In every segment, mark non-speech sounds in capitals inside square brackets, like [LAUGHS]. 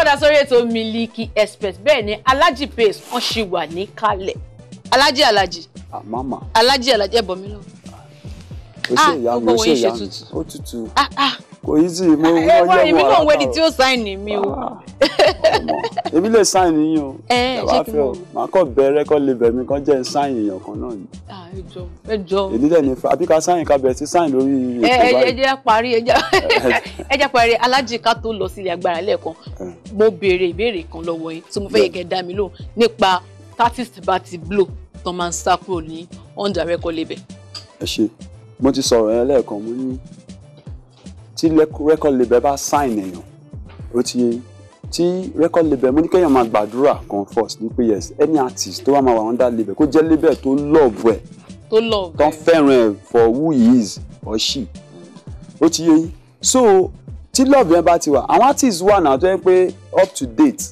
padà sórí ètò Miliki Express bẹ́ẹ̀ ni Alhaji Pace wọ́n ṣì wà ní kalẹ̀ Alhaji Alhaji ah, Alhaji Alhaji ẹ̀bọ̀ mi lọ. o ṣe ah, ìyá mi ṣe ìyá mi tutù. Ah, kò yí sí mo wọ́n yẹ̀ wọ́n ara èmi kàn wẹ́ni tí ó sáìnì mi o. Ah, èmi lè sáìnì yín o ẹ wá fẹ́ o màá kọ́ bẹ̀rẹ̀ kọ́ lè bẹ̀rẹ̀ mi kọ́ jẹ́ sáìnì èèyàn kan náà ni. Ah, ẹjọ ẹjọ èdè dẹ̀ ní àbí ká sáìnì ká bẹ̀rẹ̀ sí sáìnì lórí ètò báyìí. ẹ jẹ́ parí ẹ jẹ́ [LAUGHS] [LAUGHS] parí alájì ká tó lọ sílé agbára lẹ́ẹ̀kan mo béèrè ìbéèrè kan lọ́wọ́ yín tí mo fẹ́ yẹ kẹ́ dá mi lóhùn nípa artist bá ti blow tó máa tí record label bá sign èèyàn ó ti yé tí record label mo ní kéèyàn máa gbàdúrà kan first ní pé yes any artist tó bá máa wà under label kó jẹ́ label tó love ẹ̀ tó love ẹ̀ tó fẹ́ràn ẹ̀ for who he is or she ó ti yé so tí love yẹn bá ti wà àwọn artist wà náà tó yẹ pé up to date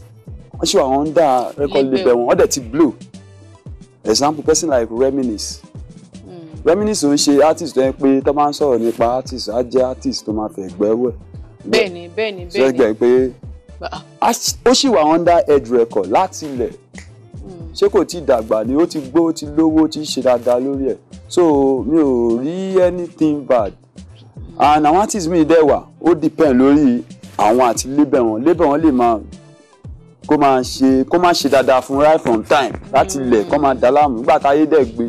wọ́n ṣe wà under record label wọn wọ́n dẹ̀ ti blow example person like Reminisce Reminisce ń ṣe artist tó yẹ pé tó máa ń sọ̀rọ̀ nípa artist á jẹ́ artist tó máa fẹ́ gbẹ́wẹ̀. bẹ́ẹ̀ni bẹ́ẹ̀ni bẹ́ẹ̀ni sẹ́gbẹ̀ pé ó sì wà under Edge record láti ilẹ̀ hmm. ṣé kò ti dàgbà ni ó ti gbó ó ti lówó ó ti ṣe dáadáa lórí ẹ̀ so mi ò rí anything bad and àwọn artist mi dẹ̀ wà ó depend lórí àwọn àti label wọn label wọn lè máa kó máa ṣe kó máa ṣe dáadáa fún right from time láti ilẹ̀ kó máa dá láàmú nígbà táyé dẹ̀ gbé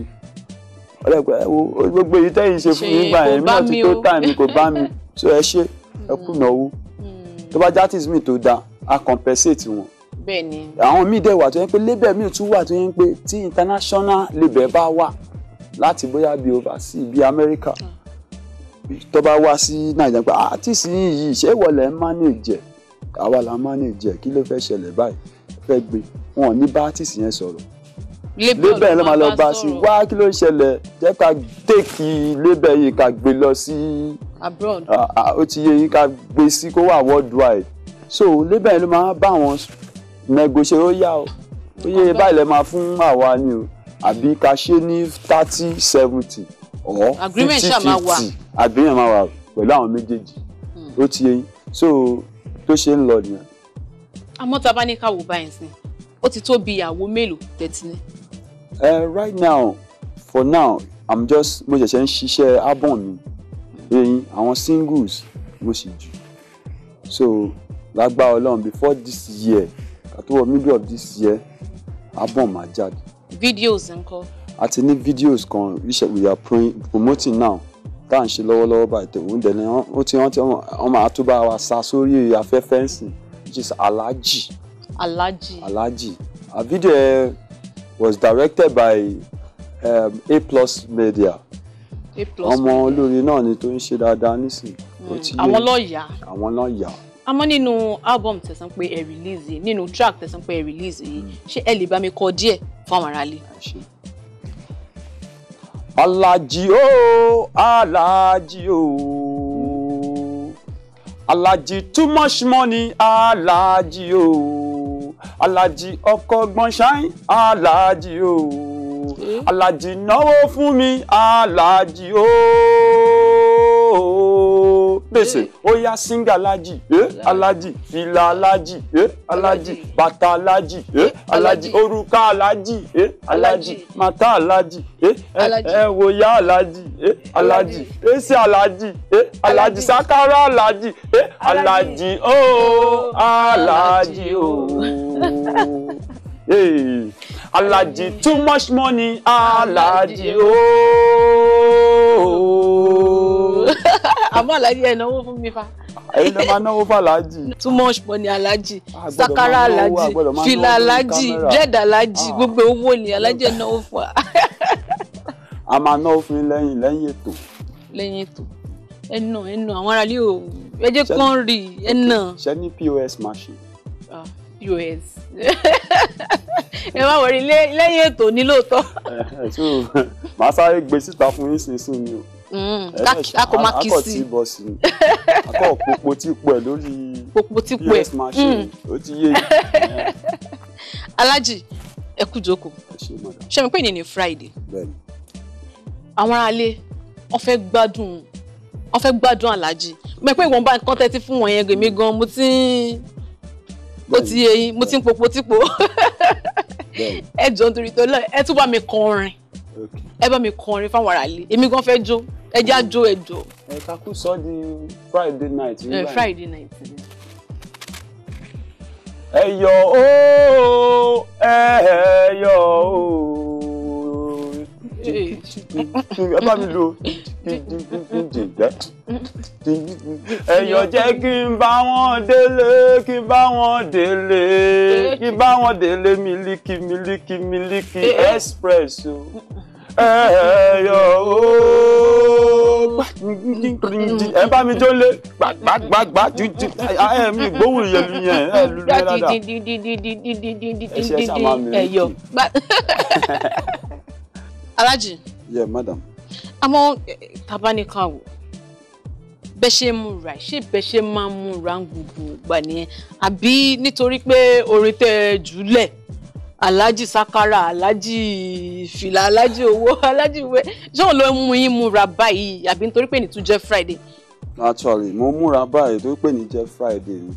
ọlọ́pàá ẹ wo gbogbo èyí tẹ́yìn ṣe fún mi gbà yẹn mi náà ti tó tà mí kò bá mi so ẹ ṣe ẹ kùnà hmm. owó hmm. tó bá játìs mi tó da a compensate wọn. bẹ́ẹ̀ni. àwọn míì dẹ̀ wà tó yẹn pé label míì tún wà tó yẹn pé tí international label bá wà láti bóyá bíi overseas bíi America hmm. tó bá wá sí Nàìjíríà pé artist yìí yìí ṣé ìwọlẹ̀ ń manage àwa là ń manage kí ló fẹ́ ṣẹlẹ̀ báyìí fẹ́ gbé wọn ò ní bá artist yẹn sọ̀rọ̀ lébẹ̀ ló máa lọ bá sí wá kí ló ń ṣẹlẹ̀ jẹ́ ká tèkì lébẹ̀ yìí ká gbé lọ sí abroad ó ti yẹ yìí ká gbé sí kó wà worldwide so lébẹ̀ ló máa bá wọn negotiate ó yá o ó yẹ báyìí lè máa fún àwa ni o àbí ká ṣe ní thirty seventy or fifty fifty agreement máa wà pẹ̀lú àwọn méjèèjì hmm. ó ti yẹ yín so tó ṣe ń lọ nìyẹn. àmọ́ tá a bá ní ká wò báyìí sí ó ti tó bí ìyàwó mélòó tẹ̀tí ní. Uh, right now for now i'm just mo ṣẹ̀ṣẹ̀ ń ṣiṣẹ́ album mi eyin àwọn singles mo sì jù so lágbára ọlọ́run before this year àti wọ middle of this year album máa jáde. videos ńkọ́. a ti videos kan which we are promoting now tá à ń ṣe lọ́wọ́lọ́wọ́ báyìí tó ń dẹ̀ni ó ti rántí wọn máa tó bá wa sá sórí afẹ́fẹ́ ńsìn which is alaji. Alaji. Alaji. a video ẹ. Uh, eh, was directed by um, A Plus Media. A Plus ọmọ olórin náà ni tó ń ṣe dáadáa nísìnyí. Hmm. àwọn lọ́ọ̀yà. àwọn lọ́ọ̀yà. àmọ́ nínú album tẹ̀sán pé ẹ release yìí nínú track tẹ̀sán pé ẹ release yìí ṣé ẹ lè bá mi kọ díẹ̀ fáwọn aráalé. alájí o alájí o alájí too much money alájí o alájì ọkọ gbọ̀nsáyìn alájì o alájì náwó fún mi alájì o gbèsè ó yá singa alájì alájì fìlà alájì eh? alájì bàtà alájì eh? eh? alájì òrùka alájì alájì màtà alájì ẹwòyà alájì alájì èsì alájì alájì sakara alájì alájì ooo alájì ooo. [LAUGHS] Alaji too much money Alaji ooo. Oh. [LAUGHS] Àmọ́ Alaji ẹ̀ náwó fún mi fa. Ẹ̀yin ló máa náwó fún Alaji. [LAUGHS] Too much money Alaji, sakara Alaji, fìlà Alaji, dread Alaji, ah. gbogbo owó ni Alaji ẹ̀ náwó fún wa. A máa náwó fún yín lẹ́yìn lẹ́yìn ètò. Lẹ́yìn ètò. Ẹnà ẹnà àwọn aráàlú ò ẹ jẹ́ rí ẹnà. Ṣé ní POS machine? Ah pos ẹ má wọrí lẹ́yìn ètò ní lóòótọ́. màá sáré gbé síta fún yín sínsìnyí o mm, akọ ma kí sí akọ tí bọ sí akọ popo tí pọ ẹ lórí popo tí pọ ẹ pos machine mm. ó ti yé e. ẹ kú jókòó ṣe mi pé ìní Friday àwọn aráalé wọn fẹ́ gbádùn wọn fẹ́ gbádùn Alhaji mẹ pé ìwọ̀nba nǹkan tẹ́tí fún wọn yẹn gèmí gan mo ti ń ó ti yé yín mo ti ń popo tí po [LAUGHS] ẹ jọ nítorí tó lọ ẹ tún bá mi kọ orin ẹ bá mi kọ orin fáwọn aráàlú èmi gan fẹ́ jó ẹ já jó ẹ jọ. ẹ kakú sọ di Friday night. ẹ Friday night ẹyọ ooo ẹyọ ooo ẹ bá mi lo ẹ̀yọ̀ jẹ́ kí n bá wọn délé kí n bá wọn délé kí n bá wọn délé mílíkì mílíkì mílíkì eh, eh. expresso ẹ̀yọ̀ ooo ẹ bá mi jólé gbàgbàgbà jújú ẹ mi gbóhùn ìyẹlú yẹn ẹ lulú yẹn dáadáa ẹ̀yọ̀ alájì. yeah madam àmọ́ tabanikawo bẹ́ ṣe ń múra ṣé bẹ́ ṣe máa múra gbogbo ìgbà nìyẹn àbí nítorí pé orin tẹ́ ẹ jùlẹ̀ sakara aláàjì fìlà aláàjì owó aláàjì ìwé ṣóun ló mú yín múra báyìí àbí nítorí pé ní tún friday. naturally mo múra báyìí tó pè ní jẹ́ friday ni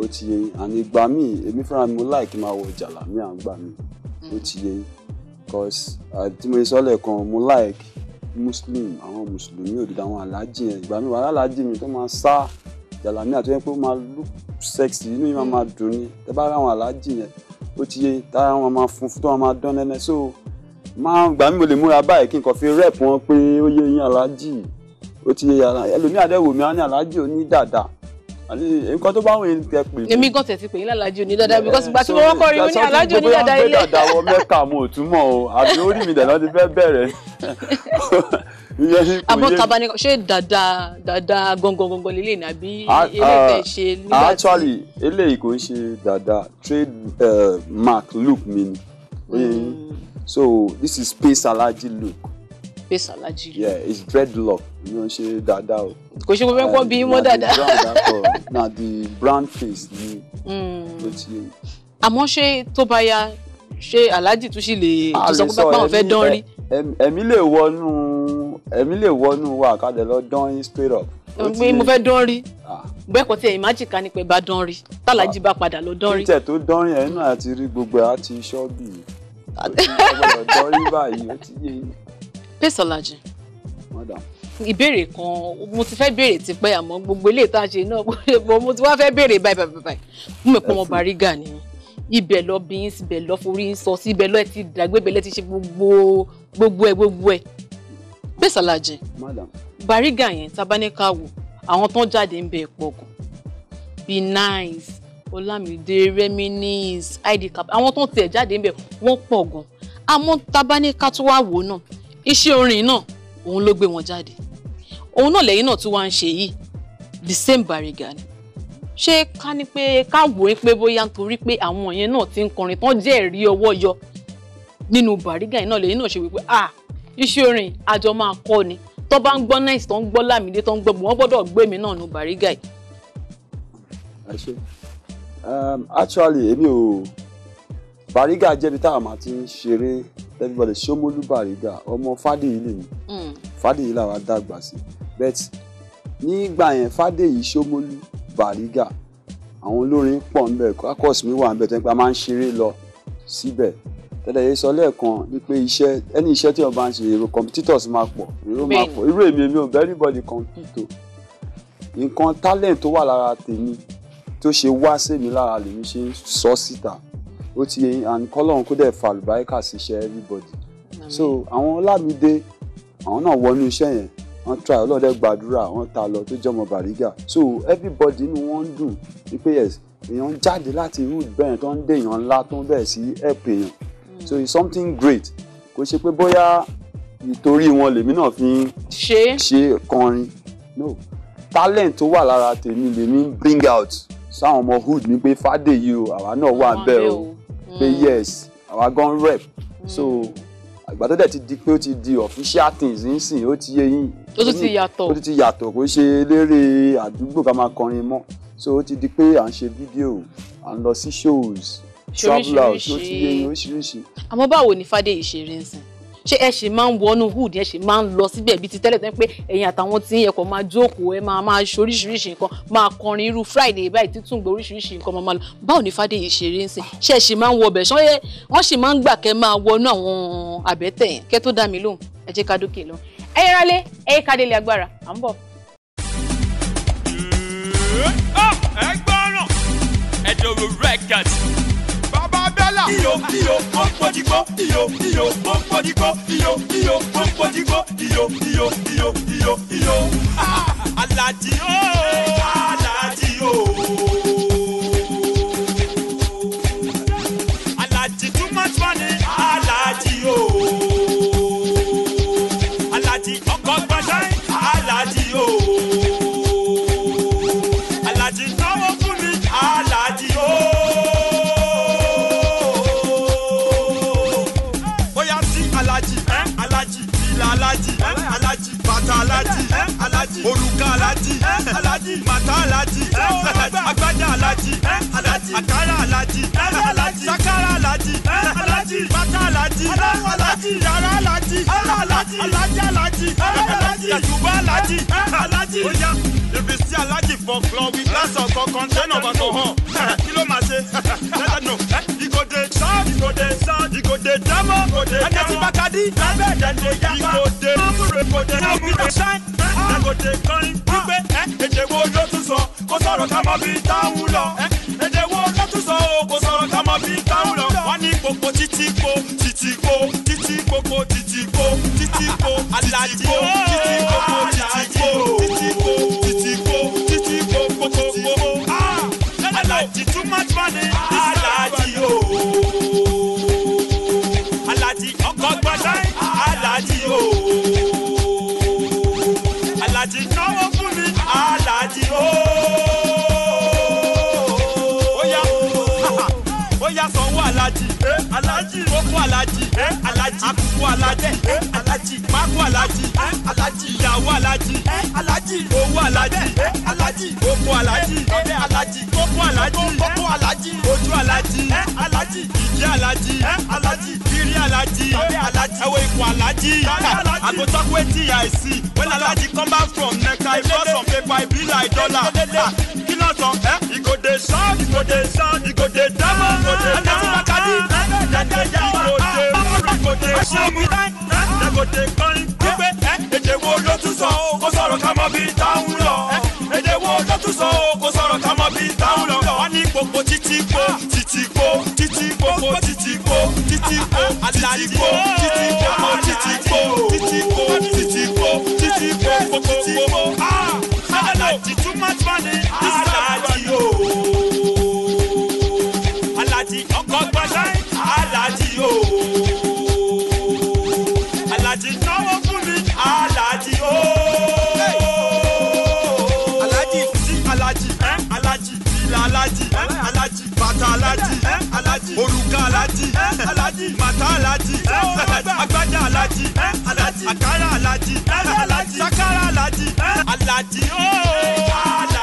ó ti yẹ àní ìgbà míì èmi fúnra mi mo láìkí máa wọ jàlámì à ń gbà ó ti yẹ cause àti mo sọ lẹ́ẹ̀kan mo like muslim àwọn mùsùlùmí òdìdá àwọn aláàjì yẹn ìgbà mi wà aláàjì mi tó máa sá jàlámì àti wípé ó máa look sexy inú yìí máa dùn ni tẹ bá rí àwọn aláàjì yẹn ó ti yé tára wọn máa funfun tó wọn máa dán nẹ́nẹ́ so máa gbà mí mo lè múra báyìí kí n kàn fi rẹ́ẹ̀pù wọn pé ó yé yín aláàjì ó ti yé ẹlòmíàdẹ́wò mi á ní aláàjì ó ní dàda àti nǹkan tó bá wọn yẹn tẹ pè èmi gan tẹ̀ ti yín lálàájì òní dáadáa because gbà tí mo wọ́n kọ́ rí ní alájì òní dáadáa ilé. sọ́kùn wọ mẹ́ka mo ò túmọ̀ o àbí orí mi dàda ti fẹ́ bẹ̀rẹ̀. [LAUGHS] àmọ́ tabani ṣé dàda dàda gangan gangan lè lè nàbí ilé ṣe nígbà tí. actually eléyìí kò ń ṣe dàda trade mark look mi ni mm. so this is space alaji look. space alaji look yeah it's dreadlock you know ṣe dàda o kò ṣe kó fẹ́ kọ́ bí mọ́ dáadáa. na the brand face ni ló hmm. ti yé. àmọ́ ṣé tó bá ya ṣé aláàjì tún sì lè sọ pé bá wọn fẹ́ dán rí. ẹ̀mí lè wọnú ẹ̀mí lè wọnú wa kádẹ lọ dán yín straight up pé mo fẹ́ dán rí gbẹ́kọ̀ọ́ ah. tí ẹ̀yìn májì ká ní pé bá dán rí tàlàjì bá padà lọ dán rí. títẹ̀ tó dán rí ẹ̀ náà àti rí gbogbo ẹ̀ àti ṣọ́ọ̀bì ó ti gbọ́dọ̀ dán rí pèsè ọ̀làjì ìbéèrè kan mo ti fẹ́ béèrè ti pẹ́ àmọ́ gbogbo ilé ìta ṣe náà [LAUGHS] mo ti wá fẹ́ béèrè báyìí báyìí báyìí mo mọ̀ pé ọmọ Bariga ni ibẹ̀ lọ bí yín síbẹ̀ lọ forí ń sọ sí ibẹ̀ lọ ẹ ti dàgbé ibẹ̀ lẹ ti ṣe gbogbo gbogbo ẹ gbogbo ẹ bẹ́ẹ̀ sàlàjì Bariga yẹn tabaníkà wò àwọn tó ń jáde ń bẹ pọ̀ gan be nice Olamide Reminisce id cap àwọn tó ń tiẹ̀ jáde ń bẹ wọ́n pọ̀ gan àmọ́ tabaníkà tó wà wò náà iṣẹ́ orin náà òun ló gbé wọn jáde òun náà lẹ́yìn náà tún wá ń ṣe yìí the same Bariga ni ṣé ká ní pé ká wò ó pé bóyá nítorí pé àwọn yẹn náà ti ń kọrin tán jẹ́ ẹ̀rí ọwọ́ yọ nínú Bariga yìí náà lẹ́yìn náà ṣe wípé ah iṣẹ́ orin àjọ máa kọ́ ni tó bá ń gbọ́ nice tó ń gbọ́ lámìdé tó ń gbọ́ wọ́n gbọ́dọ̀ gbé mi náà nínú Bariga yìí. Um, actually èmi ò Bariga jẹ́bi táwọn máa ti ń ṣeré everybody Ṣómólú Bàrígà ọmọ Fádèyí lèmi hmm. Fádèyí làwa dàgbà sí bet nígbà yẹn Fádèyí Ṣómólú Bàrígà àwọn olórin pọ̀ ńbẹ̀ kákọ́ọ̀sì mi wà ńbẹ̀ tó a pa máa ń ṣeré lọ síbẹ̀ tẹ́lẹ̀ yìí sọ lẹ́ẹ̀kan ni pé iṣẹ́ ẹni iṣẹ́ tí wọ́n bá ń ṣe èrò competitors máa pọ̀ èrò máa pọ̀ irú èmi èmi ò everybody compete o nǹkan talent tó wà lára tèmi tó ṣe wá sèmi lára lèmi ṣe ń sọ síta ó ti yẹn and kọ́lọ́run kó dẹ̀ fa àlùbáríkà sí iṣẹ́ everybody so àwọn Ọlámídé àwọn náà wọnú iṣẹ́ yẹn wọ́n try ọlọ́dẹ gbàdúrà wọ́n ta lọ tó jọmọ Bariga so everybody inú wọn ń dùn wípé yes èèyàn jáde láti root bẹ́ẹ̀ tó ń dé èèyàn ńlá tó ń bẹ̀rẹ̀ sí help èèyàn hmm. so it's something great kò ṣe pé bóyá ìtorí wọn lèmi náà fi ń ṣe kọrin no talent tó wà lára tèmi lèmi ń bring out sáwọn ọmọ hood ní pé fàdé yìí o àwa náà wà ń bẹ́ẹ̀ o pé mm. yes àwa gan rep mm. so àgbà tó dẹ̀ ti di pé ó ti di official things nsìn ó ti yé yín ó tún ti yàtọ̀ ó tún ti yàtọ̀ kó ṣe eléré àdúgbò ká máa kọrin mọ́ so ó ti di pé à ń ṣe fídíò à ń lọ sí shows travel out ó ti yé yín oríṣiríṣi. àmọ́ báwo ni Fádéyìí ṣe rí nsìn ṣé ẹ ṣì máa ń wọnú hood ẹ ṣì máa ń lọ síbẹ̀ bíi ti tẹ́lẹ̀ tẹ́lẹ̀ pé ẹ̀yin àtàwọn tí ẹ kọ̀ máa jókòó ẹ máa máa ṣe oríṣiríṣi nǹkan máa kọrin irú friday báyìí títún gbé oríṣiríṣi nǹkan máa máa lọ báwo ni fàdéyìí ṣe rí nsìn ṣé ẹ ṣì máa ń wọ ọbẹ̀ ṣán wọ́n ṣì máa ń gbà kẹ́ máa wọnú àwọn àbẹ́tẹ̀ yẹn kẹ́ tó dá mi lóhùn ẹ jẹ́ ká dókè lọ ẹ̀yin rálé ẹ̀yin kádélé agbára à ń bọ̀. Oh, ẹ gbọ́ràn ẹ̀dọ̀rọ̀ records iyo iyo ó ń pọ́jú gbó iyo iyo ó ń pọ́jú gbó iyo iyo ó ń pọ́jú gbó iyo iyo iyo iyo iyo. Ah, alaji ooo. Oh. bàtà alájì agbádá alájì àkàrà alájì sakara alájì bàtà alájì yàrá alájì alájà alájì yàtúbà alájì oya ìrìsí alájì for glory glass of container of alcohol kí ló máa ṣe? no igode sáà igode sáà dey jam o ti bakadi labẹ iko dey iko dey na we dey shine na go de, kan gbígbé èdè wo ló tún sọ kó sọ̀rọ̀ ká mọ bí táwọn lọ èdè wo ló tún sọ o kó sọ̀rọ̀ ká mọ bí táwọn lọ wọ́n ní gbogbo títí ko títí ko títí gbogbo títí ko títí ko títí ko. alaji alaji koko alaji alaji akuku alaji alaji mako alaji alaji ìyàwó alaji alaji owó alaji alaji kókó alaji alaji koko alaji koko alaji ojú alaji alaji ìdí alaji alaji ìrí alaji alaji ẹwọ ikú alaji i go talk wetin i when alaji come back from neca i fall from paper i be like dollar ah, kí ló sọ e go dey shout e go dey shout go dey dance go dey Dangote kan wípé èdè wo ló tún sọ o kó sọ̀rọ̀ ká mọ̀ bí táwọn lọ. èdè wo ló tún sọ o kó sọ̀rọ̀ ká mọ̀ bí táwọn lọ. wọ́n ní gbogbo títí kó títí kó títí kó títí kó títí kó títí kó títí kó títí kó títí kó. alaji, agbádá alájí àkàrà alaji, sakara alaji, alaji, ooo.